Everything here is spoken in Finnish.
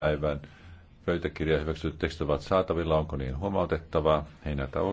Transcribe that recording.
päivään. pöytäkirja hyväksytyt tekstit ovat saatavilla. Onko niin huomautettavaa? Heinä